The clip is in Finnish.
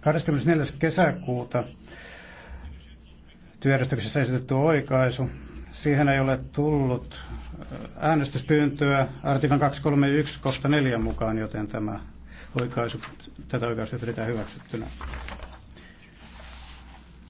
24. kesäkuuta työjärjestyksessä esitetty oikaisu. Siihen ei ole tullut äh, äänestyspyyntöä artiklan 231 kohta 4 mukaan, joten tämä oikaisu, tätä oikaisua pidetään hyväksyttynä.